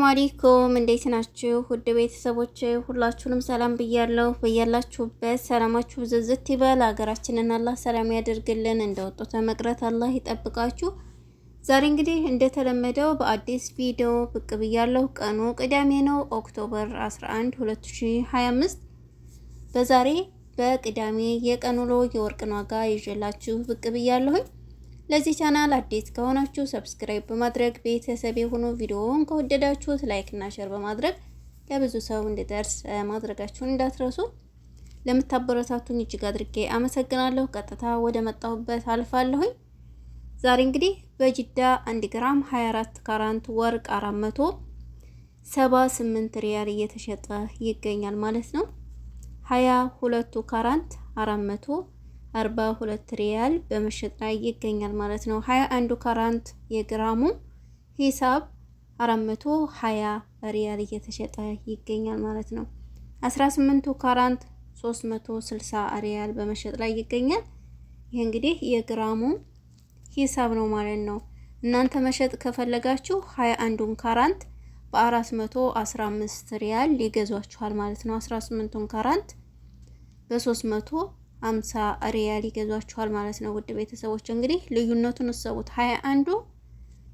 ሰላም አለይኩም እንዴት ናችሁ? ውድ ቤተሰቦች ሁላችሁንም ሰላም ብያለሁ። በያላችሁበት ሰላማችሁ ዝዝት ይበል። ሀገራችንን አላህ ሰላም ያደርግልን። እንደወጡት መቅረት አላህ ይጠብቃችሁ። ዛሬ እንግዲህ እንደተለመደው በአዲስ ቪዲዮ ብቅ ብያለሁ። ቀኑ ቅዳሜ ነው፣ ኦክቶበር 11 2025። በዛሬ በቅዳሜ የቀን ውሎ የወርቅን ዋጋ ይዤላችሁ ብቅ ብያለሁኝ። ለዚህ ቻናል አዲስ ከሆናችሁ ሰብስክራይብ በማድረግ ቤተሰብ የሆኑ ቪዲዮውን ከወደዳችሁት ላይክ እና ሼር በማድረግ ለብዙ ሰው እንዲደርስ ማድረጋችሁን እንዳትረሱ። ለምታበረታቱኝ እጅግ አድርጌ አመሰግናለሁ። ቀጥታ ወደ መጣሁበት አልፋለሁኝ። ዛሬ እንግዲህ በጅዳ 1 ግራም 24 ካራንት ወርቅ 478 ሪያል እየተሸጠ ይገኛል ማለት ነው። 22 ካራንት 400 42 ሪያል በመሸጥ ላይ ይገኛል ማለት ነው። 21 ካራንት የግራሙ ሂሳብ 420 ሪያል እየተሸጠ ይገኛል ማለት ነው። 18ቱ ካራንት 360 ሪያል በመሸጥ ላይ ይገኛል። ይህ እንግዲህ የግራሙ ሂሳብ ነው ማለት ነው። እናንተ መሸጥ ከፈለጋችሁ 21ን ካራንት በ415 ሪያል ሊገዟችኋል ማለት ነው። 18ቱን ካራንት በ300 አምሳ ሪያል ይገዟችኋል ማለት ነው። ውድ ቤተሰቦች እንግዲህ ልዩነቱን እሰቡት። ሀያ አንዱ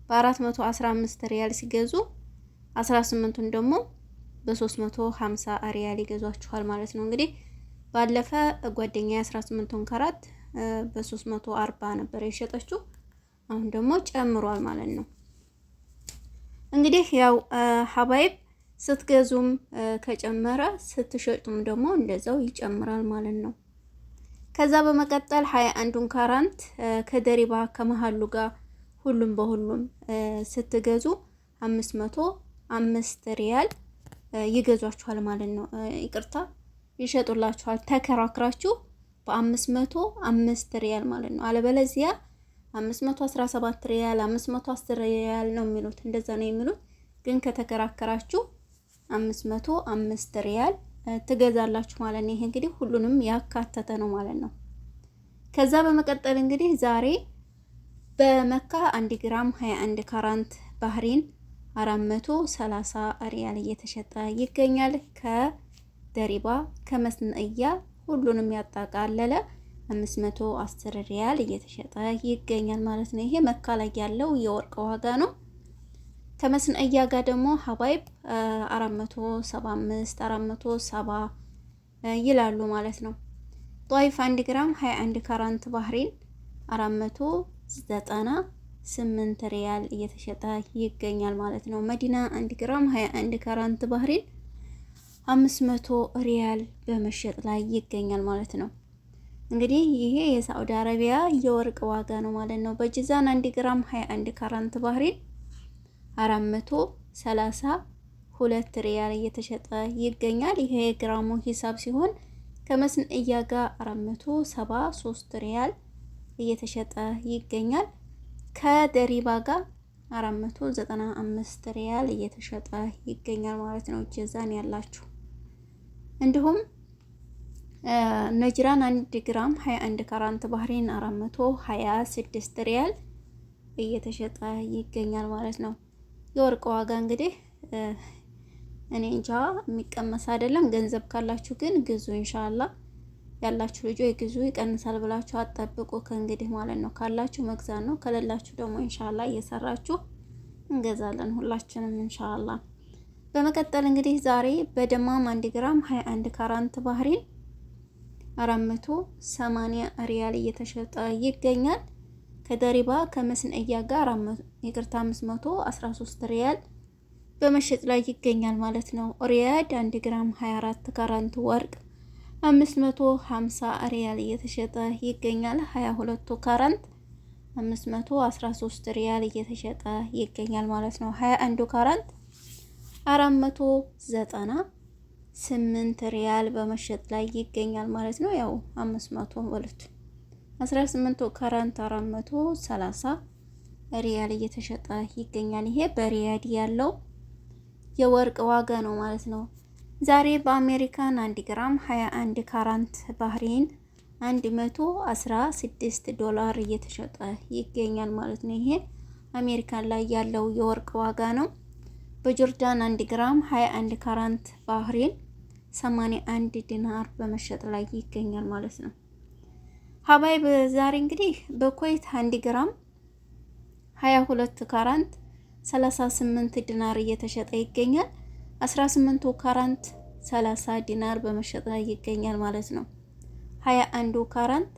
በአራት መቶ አስራ አምስት ሪያል ሲገዙ አስራ ስምንቱን ደግሞ በሶስት መቶ ሀምሳ ሪያል ይገዟችኋል ማለት ነው። እንግዲህ ባለፈ ጓደኛ የአስራ ስምንቱን ከራት በሶስት መቶ አርባ ነበር የሸጠችው። አሁን ደግሞ ጨምሯል ማለት ነው። እንግዲህ ያው ሀባይብ ስትገዙም ከጨመረ ስትሸጡም ደግሞ እንደዛው ይጨምራል ማለት ነው። ከዛ በመቀጠል ሀያ አንዱን ካራንት ከደሪባ ከመሀሉ ጋር ሁሉም በሁሉም ስትገዙ አምስት መቶ አምስት ሪያል ይገዟችኋል ማለት ነው። ይቅርታ ይሸጡላችኋል ተከራክራችሁ በአምስት መቶ አምስት ሪያል ማለት ነው። አለበለዚያ አምስት መቶ አስራ ሰባት ሪያል አምስት መቶ አስር ሪያል ነው የሚሉት እንደዛ ነው የሚሉት። ግን ከተከራከራችሁ አምስት መቶ አምስት ሪያል ትገዛላችሁ ማለት ነው። ይሄ እንግዲህ ሁሉንም ያካተተ ነው ማለት ነው። ከዛ በመቀጠል እንግዲህ ዛሬ በመካ 1 ግራም 21 ካራንት ባህሪን 430 ሪያል እየተሸጠ ይገኛል። ከደሪባ ከመስነያ ሁሉንም ያጠቃለለ 510 ሪያል እየተሸጠ ይገኛል ማለት ነው። ይሄ መካ ላይ ያለው የወርቅ ዋጋ ነው። ከመስነእያ ጋር ደግሞ ሀባይብ 475 470 ይላሉ ማለት ነው። ጧይፍ 1 ግራም 21 ካራንት ባህሪን 498 ሪያል እየተሸጠ ይገኛል ማለት ነው። መዲና 1 ግራም 21 ካራንት ባህሪን 500 ሪያል በመሸጥ ላይ ይገኛል ማለት ነው። እንግዲህ ይሄ የሳዑዲ አረቢያ የወርቅ ዋጋ ነው ማለት ነው። በጅዛን 1 ግራም 21 ካራንት ባህሪን አራት መቶ ሰላሳ ሁለት ሪያል እየተሸጠ ይገኛል። ይሄ የግራሙ ሂሳብ ሲሆን ከመስንእያ ጋር አራት መቶ ሪያል እየተሸጠ ይገኛል። ከደሪባ ጋር አራት መቶ ዘጠና ሪያል እየተሸጠ ይገኛል ማለት ነው። እጀዛን ያላችሁ እንዲሁም ነጅራን 1 ግራም 21 ካራንት ባህሬን 426 ሪያል እየተሸጠ ይገኛል ማለት ነው። የወርቅ ዋጋ እንግዲህ እኔ እንጃ የሚቀመስ አይደለም። ገንዘብ ካላችሁ ግን ግዙ። ኢንሻአላ ያላችሁ ልጆች ግዙ። ይቀንሳል ብላችሁ አጠብቁ ከእንግዲህ ማለት ነው። ካላችሁ መግዛት ነው፣ ከሌላችሁ ደግሞ ኢንሻአላ እየሰራችሁ እንገዛለን ሁላችንም ኢንሻአላ። በመቀጠል እንግዲህ ዛሬ በደማም 1 ግራም 21 ካራንት ባህሪን 480 ሪያል እየተሸጠ ይገኛል። ከደሪባ ከመስንእያ ጋር ይቅርታ 513 ሪያል በመሸጥ ላይ ይገኛል ማለት ነው። ሪያድ 1 ግራም 24 ካራንት ወርቅ 550 ሪያል እየተሸጠ ይገኛል። 22 ካራንት 513 ሪያል እየተሸጠ ይገኛል ማለት ነው። 21 ካራንት 498 ሪያል በመሸጥ ላይ ይገኛል ማለት ነው። ያው 500 18 ካራንት 430 ሪያል እየተሸጠ ይገኛል። ይሄ በሪያድ ያለው የወርቅ ዋጋ ነው ማለት ነው። ዛሬ በአሜሪካን 1 ግራም 21 ካራንት ባህሬን 116 ዶላር እየተሸጠ ይገኛል ማለት ነው። ይሄ አሜሪካን ላይ ያለው የወርቅ ዋጋ ነው። በጆርዳን 1 ግራም 21 ካራንት ባህሬን 81 ዲናር በመሸጥ ላይ ይገኛል ማለት ነው። ሀባይ ዛሬ እንግዲህ በኩዌት አንድ ግራም 22 ካራንት 38 ዲናር እየተሸጠ ይገኛል። ካራንት 30 ዲናር በመሸጥ ላይ ይገኛል ማለት ነው። 21ዱ ካራንት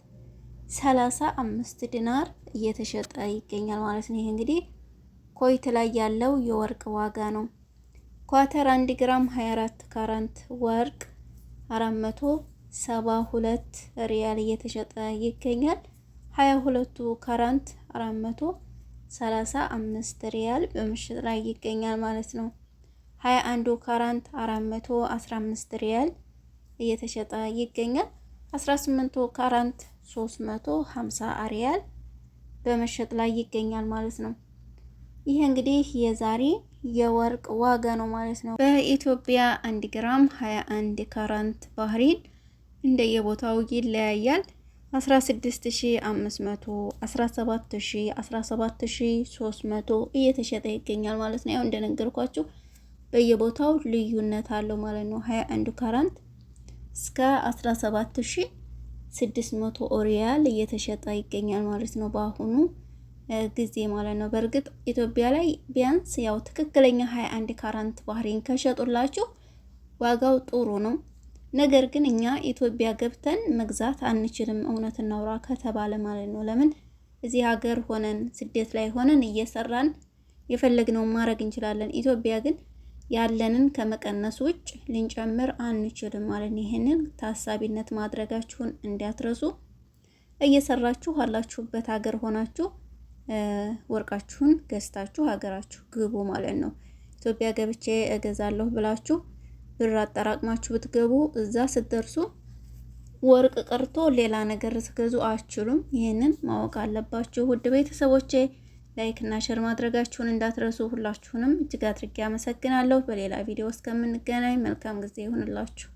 35 ዲናር እየተሸጠ ይገኛል ማለት ነው። ይሄ እንግዲህ ኩዌት ላይ ያለው የወርቅ ዋጋ ነው። ኳተር 1 ግራም 24 ካራንት ወርቅ 400 ሰባ ሁለት ሪያል እየተሸጠ ይገኛል። ሀያ ሁለቱ ካራንት አራት መቶ ሰላሳ አምስት ሪያል በምሽጥ ላይ ይገኛል ማለት ነው። ሀያ አንዱ ካራንት አራት መቶ አስራ አምስት ሪያል እየተሸጠ ይገኛል። አስራ ስምንቱ ካራንት ሶስት መቶ ሀምሳ ሪያል በመሸጥ ላይ ይገኛል ማለት ነው። ይህ እንግዲህ የዛሬ የወርቅ ዋጋ ነው ማለት ነው። በኢትዮጵያ 1 ግራም 21 ካራንት ባህሪን እንደየቦታው ይለያያል። 16500፣ 17000፣ 17300 እየተሸጠ ይገኛል ማለት ነው። ያው እንደነገርኳችሁ በየቦታው ልዩነት አለው ማለት ነው። 21 ካራንት እስከ 17600 ኦሪያል እየተሸጠ ይገኛል ማለት ነው በአሁኑ ጊዜ ማለት ነው። በእርግጥ ኢትዮጵያ ላይ ቢያንስ ያው ትክክለኛ 21 ካራንት ባህሪን ከሸጡላችሁ ዋጋው ጥሩ ነው። ነገር ግን እኛ ኢትዮጵያ ገብተን መግዛት አንችልም፣ እውነት እናውራ ከተባለ ማለት ነው። ለምን እዚህ ሀገር ሆነን ስደት ላይ ሆነን እየሰራን የፈለግነውን ማድረግ እንችላለን። ኢትዮጵያ ግን ያለንን ከመቀነስ ውጭ ልንጨምር አንችልም ማለት ነው። ይህንን ታሳቢነት ማድረጋችሁን እንዳትረሱ። እየሰራችሁ አላችሁበት ሀገር ሆናችሁ ወርቃችሁን ገዝታችሁ ሀገራችሁ ግቡ ማለት ነው። ኢትዮጵያ ገብቼ እገዛለሁ ብላችሁ ብር አጠራቅማችሁ ብትገቡ እዛ ስትደርሱ ወርቅ ቀርቶ ሌላ ነገር ስገዙ አችሉም። ይህንን ማወቅ አለባችሁ። ውድ ቤተሰቦቼ ላይክ እና ሸር ማድረጋችሁን እንዳትረሱ። ሁላችሁንም እጅግ አድርጌ አመሰግናለሁ። በሌላ ቪዲዮ እስከምንገናኝ መልካም ጊዜ ይሁንላችሁ።